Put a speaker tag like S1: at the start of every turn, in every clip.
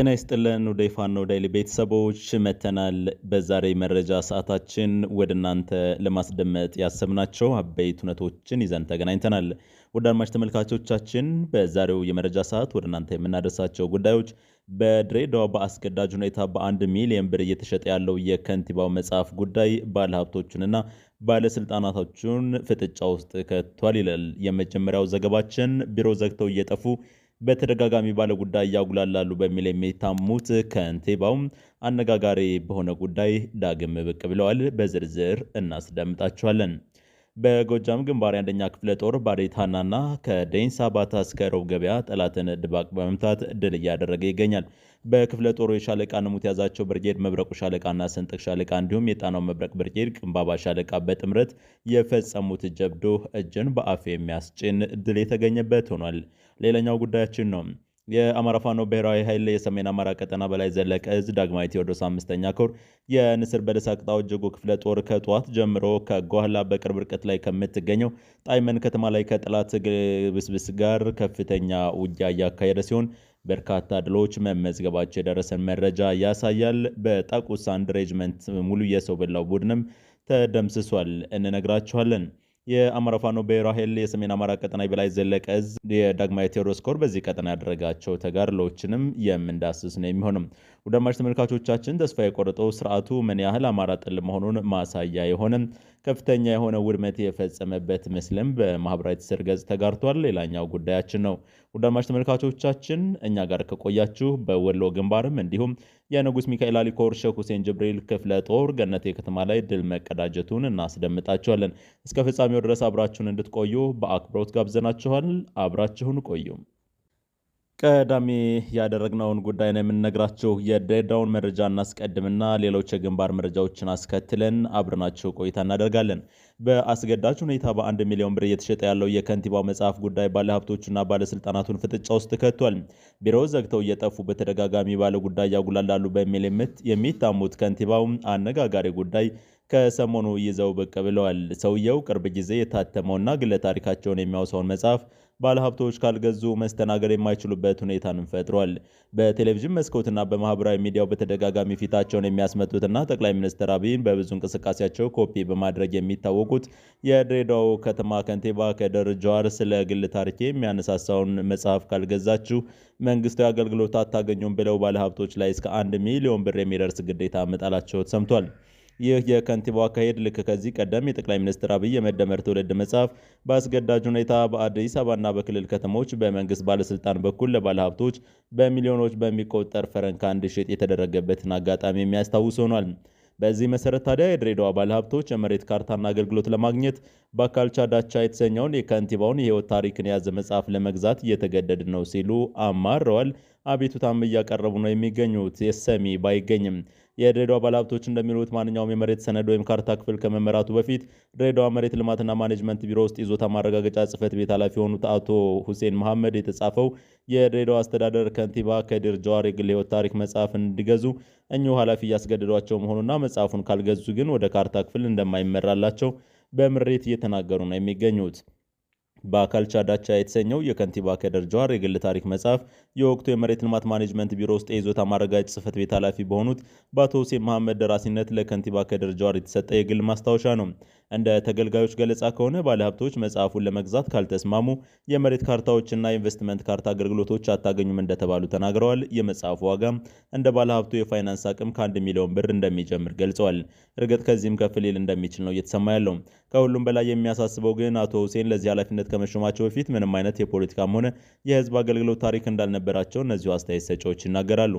S1: ጤና ይስጥልን ወደ ፋኖ ዳይሊ ቤተሰቦች መተናል። በዛሬ መረጃ ሰዓታችን ወደ እናንተ ለማስደመጥ ያሰብናቸው አበይት ሁነቶችን ይዘን ተገናኝተናል። ወደ አድማጭ ተመልካቾቻችን በዛሬው የመረጃ ሰዓት ወደ እናንተ የምናደርሳቸው ጉዳዮች በድሬዳዋ በአስገዳጅ ሁኔታ በአንድ ሚሊዮን ብር እየተሸጠ ያለው የከንቲባው መጽሐፍ ጉዳይ ባለሀብቶቹንና ባለስልጣናቶቹን ፍጥጫ ውስጥ ከቷል ይላል የመጀመሪያው ዘገባችን። ቢሮ ዘግተው እየጠፉ በተደጋጋሚ ባለ ጉዳይ ያጉላላሉ በሚል የሚታሙት ከንቲባው አነጋጋሪ በሆነ ጉዳይ ዳግም ብቅ ብለዋል። በዝርዝር እናስደምጣቸዋለን። በጎጃም ግንባር አንደኛ ክፍለ ጦር ባዴታናና ከዴንሳ ባታ እስከ ሮብ ገበያ ጠላትን ድባቅ በመምታት ድል እያደረገ ይገኛል። በክፍለ ጦሩ የሻለቃ ንሙት ያዛቸው ብርጌድ፣ መብረቁ ሻለቃና ሰንጥቅ ሻለቃ እንዲሁም የጣናው መብረቅ ብርጌድ፣ ቅንባባ ሻለቃ በጥምረት የፈጸሙት ጀብዶ እጅን በአፍ የሚያስጭን ድል የተገኘበት ሆኗል። ሌላኛው ጉዳያችን ነው። የአማራ ፋኖ ብሔራዊ ኃይል የሰሜን አማራ ቀጠና በላይ ዘለቀ እዝ ዳግማዊ ቴዎድሮስ አምስተኛ ኮር የንስር በለስ አቅጣው ጀጎ ክፍለ ጦር ከጠዋት ጀምሮ ከጓህላ በቅርብ ርቀት ላይ ከምትገኘው ጣይመን ከተማ ላይ ከጠላት ብስብስ ጋር ከፍተኛ ውጊያ እያካሄደ ሲሆን በርካታ ድሎች መመዝገባቸው የደረሰን መረጃ ያሳያል። በጣቁሳ አንድ ሬጅመንት ሙሉ የሰው በላው ቡድንም ተደምስሷል፣ እንነግራችኋለን። የአማራ ፋኖ ብሔራዊ ኃይል የሰሜን አማራ ቀጠና የበላይ ዘለቀ እዝ የዳግማዊ ቴዎድሮስ ኮር በዚህ ቀጠና ያደረጋቸው ተጋድሎዎችንም የምንዳስስ ነው የሚሆንም። ውድ አድማጭ ተመልካቾቻችን ተስፋ የቆረጠው ስርዓቱ ምን ያህል አማራ ጥል መሆኑን ማሳያ የሆነ ከፍተኛ የሆነ ውድመት የፈጸመበት ምስልም በማህበራዊ ትስስር ገጽ ተጋርቷል። ሌላኛው ጉዳያችን ነው። ውዳማሽ ተመልካቾቻችን እኛ ጋር ከቆያችሁ በወሎ ግንባርም እንዲሁም የንጉስ ሚካኤል አሊኮር ሼክ ሁሴን ጅብሪል ክፍለ ጦር ገነቴ ከተማ ላይ ድል መቀዳጀቱን እናስደምጣችኋለን። እስከ ፍጻሜው ድረስ አብራችሁን እንድትቆዩ በአክብሮት ጋብዘናችኋል። አብራችሁን ቆዩም ቀዳሚ ያደረግነውን ጉዳይ ነው የምንነግራችሁ። የድሬዳውን መረጃ እናስቀድምና ሌሎች የግንባር መረጃዎችን አስከትለን አብረናችሁ ቆይታ እናደርጋለን። በአስገዳጅ ሁኔታ በአንድ ሚሊዮን ብር እየተሸጠ ያለው የከንቲባው መጽሐፍ ጉዳይ ባለሀብቶቹና ባለስልጣናቱን ፍጥጫ ውስጥ ከቷል። ቢሮው ዘግተው እየጠፉ በተደጋጋሚ ባለ ጉዳይ ያጉላላሉ በሚል የሚታሙት ከንቲባው አነጋጋሪ ጉዳይ ከሰሞኑ ይዘው ብቅ ብለዋል። ሰውየው ቅርብ ጊዜ የታተመውና ግለ ታሪካቸውን የሚያውሰውን መጽሐፍ ባለሀብቶች ካልገዙ መስተናገድ የማይችሉበት ሁኔታንም ፈጥሯል። በቴሌቪዥን መስኮትና በማህበራዊ ሚዲያው በተደጋጋሚ ፊታቸውን የሚያስመጡትና ጠቅላይ ሚኒስትር አብይን በብዙ እንቅስቃሴያቸው ኮፒ በማድረግ የሚታወቁት የድሬዳዋ ከተማ ከንቲባ ከድር ጁሃር ስለ ግል ታሪኬ የሚያነሳሳውን መጽሐፍ ካልገዛችሁ መንግስታዊ አገልግሎት አታገኙም ብለው ባለሀብቶች ላይ እስከ አንድ ሚሊዮን ብር የሚደርስ ግዴታ መጣላቸው ሰምቷል። ይህ የከንቲባው አካሄድ ልክ ከዚህ ቀደም የጠቅላይ ሚኒስትር አብይ የመደመር ትውልድ መጽሐፍ በአስገዳጅ ሁኔታ በአዲስ አበባና በክልል ከተሞች በመንግስት ባለስልጣን በኩል ለባለሀብቶች በሚሊዮኖች በሚቆጠር ፈረንካ እንዲሸጥ የተደረገበትን አጋጣሚ የሚያስታውስ ሆኗል። በዚህ መሰረት ታዲያ የድሬዳዋ ባለሀብቶች የመሬት ካርታና አገልግሎት ለማግኘት በአካልቻ ዳቻ የተሰኘውን የከንቲባውን የህይወት ታሪክን የያዘ መጽሐፍ ለመግዛት እየተገደድ ነው ሲሉ አማረዋል። አቤቱታም እያቀረቡ ነው የሚገኙት። የሰሚ ባይገኝም የድሬዳዋ ባለሀብቶች እንደሚሉት ማንኛውም የመሬት ሰነድ ወይም ካርታ ክፍል ከመመራቱ በፊት ድሬዳዋ መሬት ልማትና ማኔጅመንት ቢሮ ውስጥ ይዞታ ማረጋገጫ ጽህፈት ቤት ኃላፊ የሆኑት አቶ ሁሴን መሐመድ የተጻፈው የድሬዳዋ አስተዳደር ከንቲባ ከድር ጀዋር የግል ህይወት ታሪክ መጽሐፍ እንዲገዙ እኚሁ ኃላፊ እያስገደዷቸው መሆኑና መጽሐፉን ካልገዙ ግን ወደ ካርታ ክፍል እንደማይመራላቸው በምሬት እየተናገሩ ነው የሚገኙት። በአካልቻ ዳቻ የተሰኘው የከንቲባ ከደር ጀዋር የግል ታሪክ መጽሐፍ የወቅቱ የመሬት ልማት ማኔጅመንት ቢሮ ውስጥ የይዞታ ማረጋገጥ ጽሕፈት ቤት ኃላፊ በሆኑት በአቶ ሁሴን መሐመድ ደራሲነት ለከንቲባ ከደር ጀዋር የተሰጠ የግል ማስታወሻ ነው። እንደ ተገልጋዮች ገለጻ ከሆነ ባለሀብቶች መጽሐፉን ለመግዛት ካልተስማሙ የመሬት ካርታዎችና የኢንቨስትመንት ካርታ አገልግሎቶች አታገኙም እንደተባሉ ተናግረዋል። የመጽሐፉ ዋጋ እንደ ባለሀብቱ የፋይናንስ አቅም ከአንድ ሚሊዮን ብር እንደሚጀምር ገልጸዋል። እርግጥ ከዚህም ከፍ ሊል እንደሚችል ነው እየተሰማ ያለው። ከሁሉም በላይ የሚያሳስበው ግን አቶ ሁሴን ለዚህ ኃላፊነት ከመሾማቸው በፊት ምንም አይነት የፖለቲካም ሆነ የህዝብ አገልግሎት ታሪክ እንዳልነበራቸው እነዚሁ አስተያየት ሰጪዎች ይናገራሉ።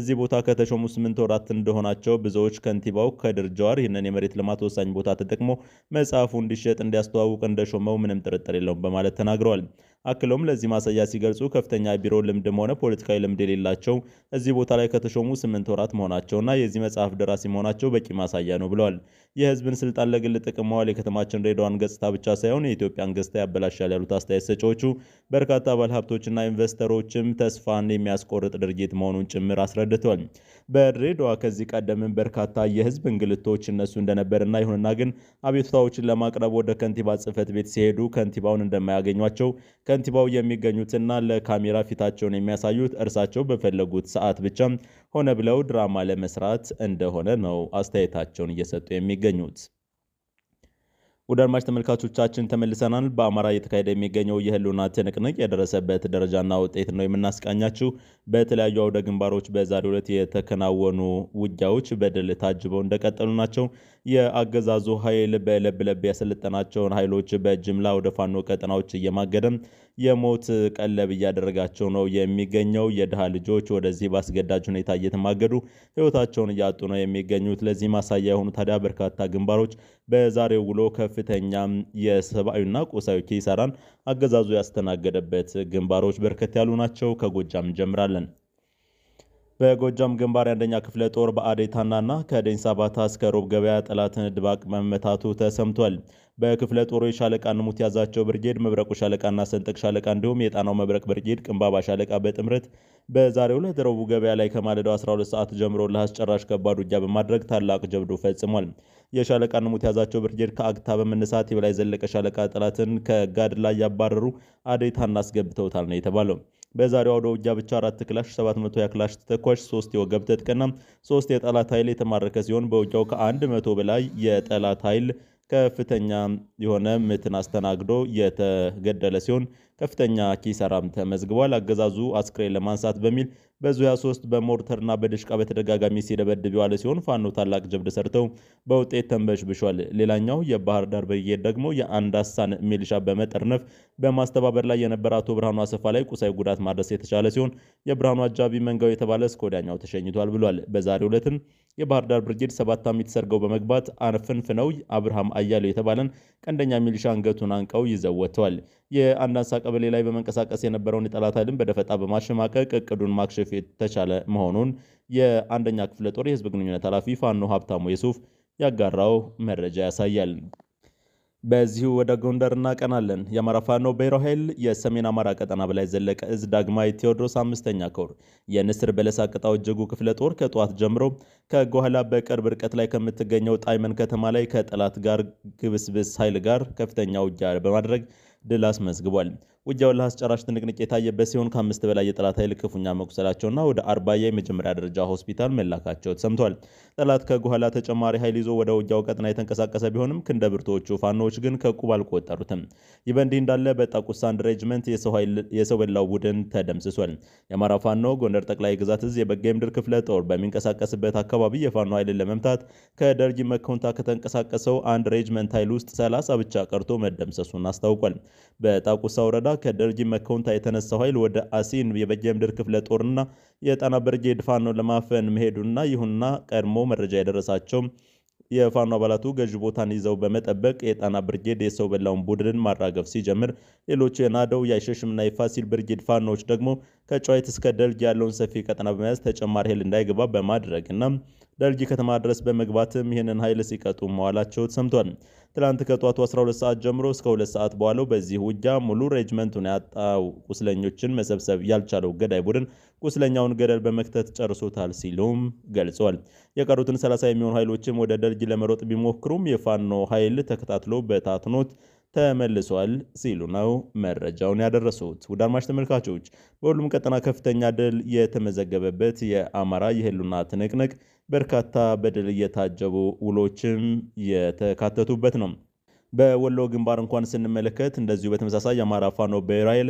S1: እዚህ ቦታ ከተሾሙ ስምንት ወራት እንደሆናቸው ብዙዎች ከንቲባው ከድር ጀዋር ይህንን የመሬት ልማት ወሳኝ ቦታ ተጠቅሞ መጽሐፉ እንዲሸጥ እንዲያስተዋውቅ እንደሾመው ምንም ጥርጥር የለውም በማለት ተናግረዋል። አክለውም ለዚህ ማሳያ ሲገልጹ ከፍተኛ ቢሮ ልምድም ሆነ ፖለቲካዊ ልምድ የሌላቸው እዚህ ቦታ ላይ ከተሾሙ ስምንት ወራት መሆናቸውና የዚህ መጽሐፍ ደራሲ መሆናቸው በቂ ማሳያ ነው ብለዋል። የህዝብን ስልጣን ለግል ጥቅም መዋል የከተማችን ድሬዳዋን ገጽታ ብቻ ሳይሆን የኢትዮጵያን ገጽታ ያበላሻል ያሉት አስተያየት ሰጪዎቹ በርካታ ባለሀብቶችና ኢንቨስተሮችም ተስፋን የሚያስቆርጥ ድርጊት መሆኑን ጭምር አስረድተዋል። በድሬዳዋ ከዚህ ቀደምም በርካታ የህዝብ እንግልቶች እነሱ እንደነበርና ይሁንና ግን አቤቱታዎችን ለማቅረብ ወደ ከንቲባ ጽህፈት ቤት ሲሄዱ ከንቲባውን እንደማያገኟቸው ከንቲባው የሚገኙትና ለካሜራ ፊታቸውን የሚያሳዩት እርሳቸው በፈለጉት ሰዓት ብቻ ሆነ ብለው ድራማ ለመስራት እንደሆነ ነው አስተያየታቸውን እየሰጡ የሚገኙት። ውድ አድማጭ ተመልካቾቻችን ተመልሰናል። በአማራ እየተካሄደ የሚገኘው የህልውና ትንቅንቅ የደረሰበት ደረጃና ውጤት ነው የምናስቃኛችሁ። በተለያዩ አውደ ግንባሮች በዛሬው ዕለት የተከናወኑ ውጊያዎች በድል ታጅበው እንደቀጠሉ ናቸው። የአገዛዙ ኃይል በለብ ለብ ያሰለጠናቸውን ኃይሎች በጅምላ ወደ ፋኖ ቀጠናዎች እየማገደም የሞት ቀለብ እያደረጋቸው ነው የሚገኘው። የድሃ ልጆች ወደዚህ በአስገዳጅ ሁኔታ እየተማገዱ ህይወታቸውን እያጡ ነው የሚገኙት። ለዚህ ማሳያ የሆኑ ታዲያ በርካታ ግንባሮች በዛሬው ውሎ ከፍተኛ የሰብአዊና ቁሳዊ ኪሳራን አገዛዙ ያስተናገደበት ግንባሮች በርከት ያሉ ናቸው። ከጎጃም እንጀምራለን። በጎጃም ግንባር የአንደኛ ክፍለ ጦር በአዴ ታናና ከደኝ ሳባታ እስከ ሮብ ገበያ ጠላትን ድባቅ መመታቱ ተሰምቷል። በክፍለ ጦሩ የሻለቃ ንሙት ያዛቸው ብርጌድ፣ መብረቁ ሻለቃና ሰንጠቅ ሻለቃ እንዲሁም የጣናው መብረቅ ብርጌድ፣ ቅንባባ ሻለቃ በጥምረት በዛሬው ዕለት ረቡዕ ገበያ ላይ ከማለዳው 12 ሰዓት ጀምሮ ለአስጨራሽ ከባድ ውጊያ በማድረግ ታላቅ ጀብዶ ፈጽሟል። የሻለቃ ንሙት ያዛቸው ብርጌድ ከአግታ በመነሳት የበላይ ዘለቀ ሻለቃ ጠላትን ከጋድ ላይ ያባረሩ አዴታና አስገብተውታል ነው የተባለው። በዛሬው አውደ ውጊያ ብቻ አራት ክላሽ 700 ክላሽ ተተኳሽ፣ 3 የወገብ ትጥቅና 3 የጠላት ኃይል የተማረከ ሲሆን በውጊያው ከ100 በላይ የጠላት ኃይል ከፍተኛ የሆነ ምትን አስተናግዶ የተገደለ ሲሆን ከፍተኛ ኪሳራም ተመዝግቧል። አገዛዙ አስክሬን ለማንሳት በሚል በዙያ ሶስት በሞርተርና በድሽቃ በተደጋጋሚ ሲደበድብ የዋለ ሲሆን ፋኖ ታላቅ ጀብድ ሰርተው በውጤት ተንበሽብሿል። ሌላኛው የባህር ዳር ብርጌድ ደግሞ የአንዳሳን ሚሊሻ በመጠርነፍ በማስተባበር ላይ የነበረ አቶ ብርሃኑ አሰፋ ላይ ቁሳዊ ጉዳት ማድረስ የተቻለ ሲሆን የብርሃኑ አጃቢ መንጋው የተባለ እስከ ወዲያኛው ተሸኝቷል ብሏል። በዛሬው ዕለትም የባህር ዳር ብርጌድ ሰባት አሚት ሰርገው በመግባት አንፍንፍነው አብርሃም አያሌው የተባለን ቀንደኛ ሚሊሻ አንገቱን አንቀው ይዘወተዋል። የአንዳንሳ ቀበሌ ላይ በመንቀሳቀስ የነበረውን የጠላት ኃይልን በደፈጣ በማሸማቀቅ እቅዱን ማክሸፍ የተቻለ መሆኑን የአንደኛ ክፍለ ጦር የህዝብ ግንኙነት ኃላፊ ፋኖ ሀብታሙ የሱፍ ያጋራው መረጃ ያሳያል። በዚሁ ወደ ጎንደር እናቀናለን። የአማራ ፋኖ ብሔራዊ ኃይል የሰሜን አማራ ቀጠና በላይ ዘለቀ እዝ ዳግማዊ ቴዎድሮስ አምስተኛ ኮር የንስር በለሳ ቅጣው እጅጉ ክፍለ ጦር ከጠዋት ጀምሮ ከጓኋላ በቅርብ ርቀት ላይ ከምትገኘው ጣይመን ከተማ ላይ ከጠላት ጋር ግብስብስ ኃይል ጋር ከፍተኛ ውጊያ በማድረግ ድል አስመዝግቧል። ውጊያውን ለአስጨራሽ ትንቅንቅ የታየበት ሲሆን ከአምስት በላይ የጠላት ኃይል ክፉኛ መቁሰላቸውና ወደ አርባያ የመጀመሪያ ደረጃ ሆስፒታል መላካቸው ተሰምቷል። ጠላት ከጉኋላ ተጨማሪ ኃይል ይዞ ወደ ውጊያው ቀጥና የተንቀሳቀሰ ቢሆንም ክንደ ብርቶቹ ፋኖዎች ግን ከቁብ አልቆጠሩትም። ይህ በእንዲህ እንዳለ በጣቁሳ አንድ ሬጅመንት የሰው ቡድን ተደምስሷል። የአማራ ፋኖ ጎንደር ጠቅላይ ግዛት እዝ የበጋ ምድር ክፍለ ጦር በሚንቀሳቀስበት አካባቢ የፋኖ ኃይልን ለመምታት ከደርጊ መኮንታ ከተንቀሳቀሰው አንድ ሬጅመንት ኃይል ውስጥ ሰላሳ ብቻ ቀርቶ መደምሰሱን አስታውቋል። በጣቁሳ ወረዳ ከደርጂ መከውንታ የተነሳው ኃይል ወደ አሲን የበጌምድር ክፍለ ጦርና የጣና ብርጌድ ፋኖ ለማፈን መሄዱና ይሁንና ቀድሞ መረጃ የደረሳቸው የፋኖ አባላቱ ገዥ ቦታን ይዘው በመጠበቅ የጣና ብርጌድ የሰው በላውን ቡድን ማራገፍ ሲጀምር ሌሎቹ የናደው የአይሸሽምና የፋሲል ብርጌድ ፋኖዎች ደግሞ ከጨዋይት እስከ ደልጊ ያለውን ሰፊ ቀጠና በመያዝ ተጨማሪ ኃይል እንዳይገባ በማድረግና ደልጊ ከተማ ድረስ በመግባትም ይህንን ኃይል ሲቀጡ መዋላቸው ሰምቷል። ትላንት ከጧቱ 12 ሰዓት ጀምሮ እስከ 2 ሰዓት በኋላው በዚህ ውጊያ ሙሉ ሬጅመንቱን ያጣው ቁስለኞችን መሰብሰብ ያልቻለው ገዳይ ቡድን ቁስለኛውን ገደል በመክተት ጨርሶታል ሲሉም ገልጿል። የቀሩትን 30 የሚሆኑ ኃይሎችም ወደ ደልጅ ለመሮጥ ቢሞክሩም የፋኖ ኃይል ተከታትሎ በታትኖት ተመልሷል ሲሉ ነው መረጃውን ያደረሱት። ውድ አድማጭ ተመልካቾች በሁሉም ቀጠና ከፍተኛ ድል የተመዘገበበት የአማራ የህልውና ትንቅንቅ በርካታ በድል እየታጀቡ ውሎችም የተካተቱበት ነው። በወሎ ግንባር እንኳን ስንመለከት እንደዚሁ በተመሳሳይ የአማራ ፋኖ ብሔራዊ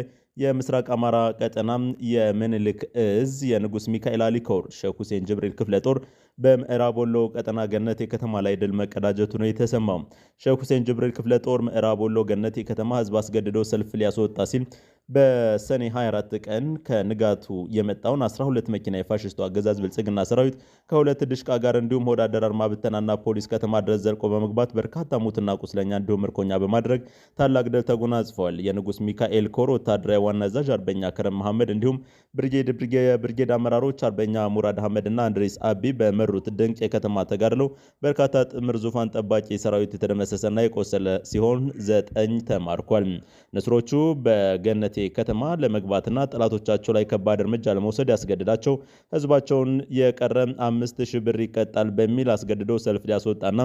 S1: የምስራቅ አማራ ቀጠና የምንልክ እዝ የንጉስ ሚካኤል አሊኮር ኮር ሼክ ሁሴን ጅብሪል ክፍለ ጦር በምዕራብ ወሎ ቀጠና ገነቴ ከተማ ላይ ድል መቀዳጀቱ ነው የተሰማው። ሼክ ሁሴን ጅብሪል ክፍለ ጦር ምዕራብ ወሎ ገነቴ ከተማ ህዝብ አስገድዶ ሰልፍ ሊያስወጣ ሲል በሰኔ 24 ቀን ከንጋቱ የመጣውን 12 መኪና የፋሽስቱ አገዛዝ ብልጽግና ሰራዊት ከሁለት ድሽቃ ጋር እንዲሁም ሆድ አደር አድማ ብተናና ፖሊስ ከተማ ድረስ ዘልቆ በመግባት በርካታ ሙትና ቁስለኛ እንዲሁም ምርኮኛ በማድረግ ታላቅ ድል ተጎናጽፈዋል። የንጉስ ሚካኤል ኮር ወታደራዊ ዋና አዛዥ አርበኛ ከረም መሐመድ እንዲሁም ብርጌድ ብርጌድ አመራሮች አርበኛ ሙራድ አህመድ እና አንድሬስ አቢ በመሩት ድንቅ የከተማ ተጋድለው በርካታ ጥምር ዙፋን ጠባቂ ሰራዊት የተደመሰሰና የቆሰለ ሲሆን ዘጠኝ ተማርኳል። ንስሮቹ በገነቴ ከተማ ለመግባትና ጠላቶቻቸው ላይ ከባድ እርምጃ ለመውሰድ ያስገድዳቸው ህዝባቸውን የቀረ አምስት ሺህ ብር ይቀጣል በሚል አስገድዶ ሰልፍ ሊያስወጣና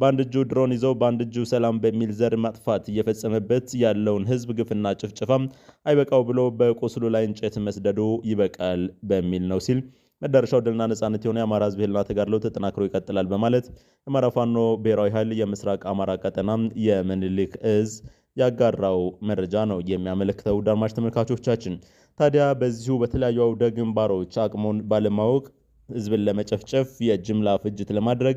S1: በአንድ እጁ ድሮን ይዘው በአንድ እጁ ሰላም በሚል ዘር ማጥፋት እየፈጸመበት ያለውን ህዝብ ግፍና ጭፍጭፋ አይበቃው ብሎ በቁስሉ ላይ እንጨት መስደዱ ይበቃል በሚል ነው ሲል መዳረሻው ድልና ነጻነት የሆነ የአማራ ህዝብ ህልና ተጋድሎ ተጠናክሮ ይቀጥላል በማለት የአማራ ፋኖ ብሔራዊ ኃይል የምስራቅ አማራ ቀጠና የምኒልክ እዝ ያጋራው መረጃ ነው የሚያመለክተው። ዳርማሽ ተመልካቾቻችን ታዲያ በዚሁ በተለያዩ አውደ ግንባሮች አቅሙን ባለማወቅ ህዝብን ለመጨፍጨፍ የጅምላ ፍጅት ለማድረግ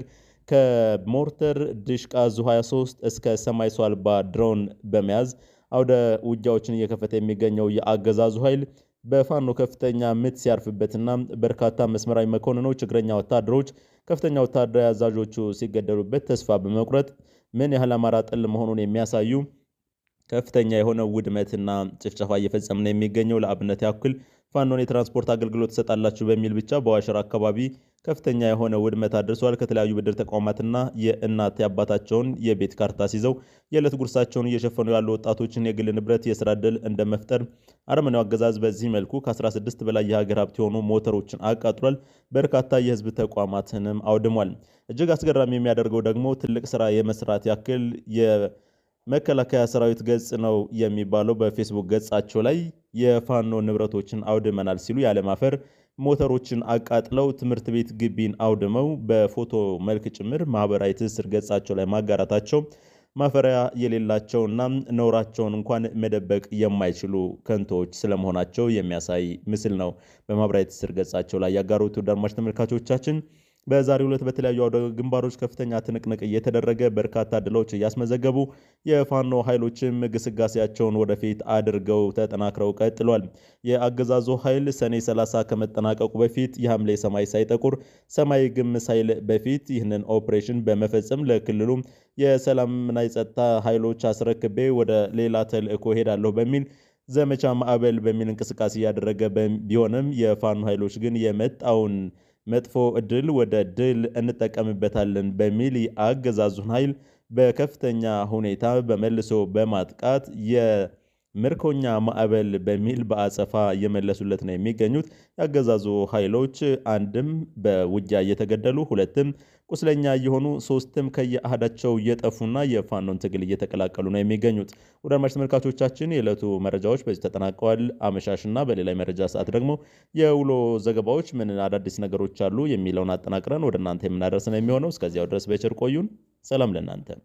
S1: ከሞርተር ድሽቃ ዙ 23 እስከ ሰማይ ሰው አልባ ድሮን በመያዝ አውደ ውጊያዎችን እየከፈተ የሚገኘው የአገዛዙ ኃይል በፋኖ ከፍተኛ ምት ሲያርፍበትና በርካታ መስመራዊ መኮንኖች፣ እግረኛ ወታደሮች፣ ከፍተኛ ወታደራዊ አዛዦቹ ሲገደሉበት ተስፋ በመቁረጥ ምን ያህል አማራ ጠል መሆኑን የሚያሳዩ ከፍተኛ የሆነ ውድመትና ጭፍጨፋ እየፈጸመ ነው የሚገኘው። ለአብነት ያክል ፋኖን የትራንስፖርት አገልግሎት ትሰጣላችሁ በሚል ብቻ በዋሽራ አካባቢ ከፍተኛ የሆነ ውድመት አድርሰዋል። ከተለያዩ ብድር ተቋማትና የእናት ያባታቸውን የቤት ካርታ ሲይዘው የዕለት ጉርሳቸውን እየሸፈኑ ያሉ ወጣቶችን የግል ንብረት የስራ ዕድል እንደመፍጠር አረመናው አገዛዝ በዚህ መልኩ ከ16 በላይ የሀገር ሀብት የሆኑ ሞተሮችን አቃጥሏል። በርካታ የህዝብ ተቋማትንም አውድሟል። እጅግ አስገራሚ የሚያደርገው ደግሞ ትልቅ ስራ የመስራት ያክል መከላከያ ሰራዊት ገጽ ነው የሚባለው በፌስቡክ ገጻቸው ላይ የፋኖ ንብረቶችን አውድመናል ሲሉ ያለማፈር ሞተሮችን አቃጥለው ትምህርት ቤት ግቢን አውድመው በፎቶ መልክ ጭምር ማህበራዊ ትስስር ገጻቸው ላይ ማጋራታቸው ማፈሪያ የሌላቸውና ነውራቸውን እንኳን መደበቅ የማይችሉ ከንቶዎች ስለመሆናቸው የሚያሳይ ምስል ነው በማህበራዊ ትስስር ገጻቸው ላይ ያጋሩት። ውድ አድማጭ ተመልካቾቻችን በዛሬው ዕለት በተለያዩ አውደ ግንባሮች ከፍተኛ ትንቅንቅ እየተደረገ በርካታ ድሎች እያስመዘገቡ የፋኖ ኃይሎችም ግስጋሴያቸውን ወደፊት አድርገው ተጠናክረው ቀጥሏል። የአገዛዙ ኃይል ሰኔ 30 ከመጠናቀቁ በፊት የሐምሌ ሰማይ ሳይጠቁር ሰማይ ግም ሳይል በፊት ይህንን ኦፕሬሽን በመፈጸም ለክልሉ የሰላምና የጸጥታ ኃይሎች አስረክቤ ወደ ሌላ ተልእኮ ሄዳለሁ በሚል ዘመቻ ማዕበል በሚል እንቅስቃሴ እያደረገ ቢሆንም የፋኖ ኃይሎች ግን የመጣውን መጥፎ እድል ወደ ድል እንጠቀምበታለን በሚል የአገዛዙን ኃይል በከፍተኛ ሁኔታ በመልሶ በማጥቃት ምርኮኛ ማዕበል በሚል በአጸፋ እየመለሱለት ነው የሚገኙት። ያገዛዙ ኃይሎች አንድም በውጊያ እየተገደሉ ሁለትም ቁስለኛ እየሆኑ ሶስትም ከየአህዳቸው እየጠፉና የፋኖን ትግል እየተቀላቀሉ ነው የሚገኙት። ወደ አድማጭ ተመልካቾቻችን የዕለቱ መረጃዎች በዚህ ተጠናቀዋል። አመሻሽና በሌላ መረጃ ሰዓት ደግሞ የውሎ ዘገባዎች ምን አዳዲስ ነገሮች አሉ የሚለውን አጠናቅረን ወደ እናንተ የምናደርስ ነው የሚሆነው። እስከዚያው ድረስ በቸር ቆዩን። ሰላም ለእናንተ።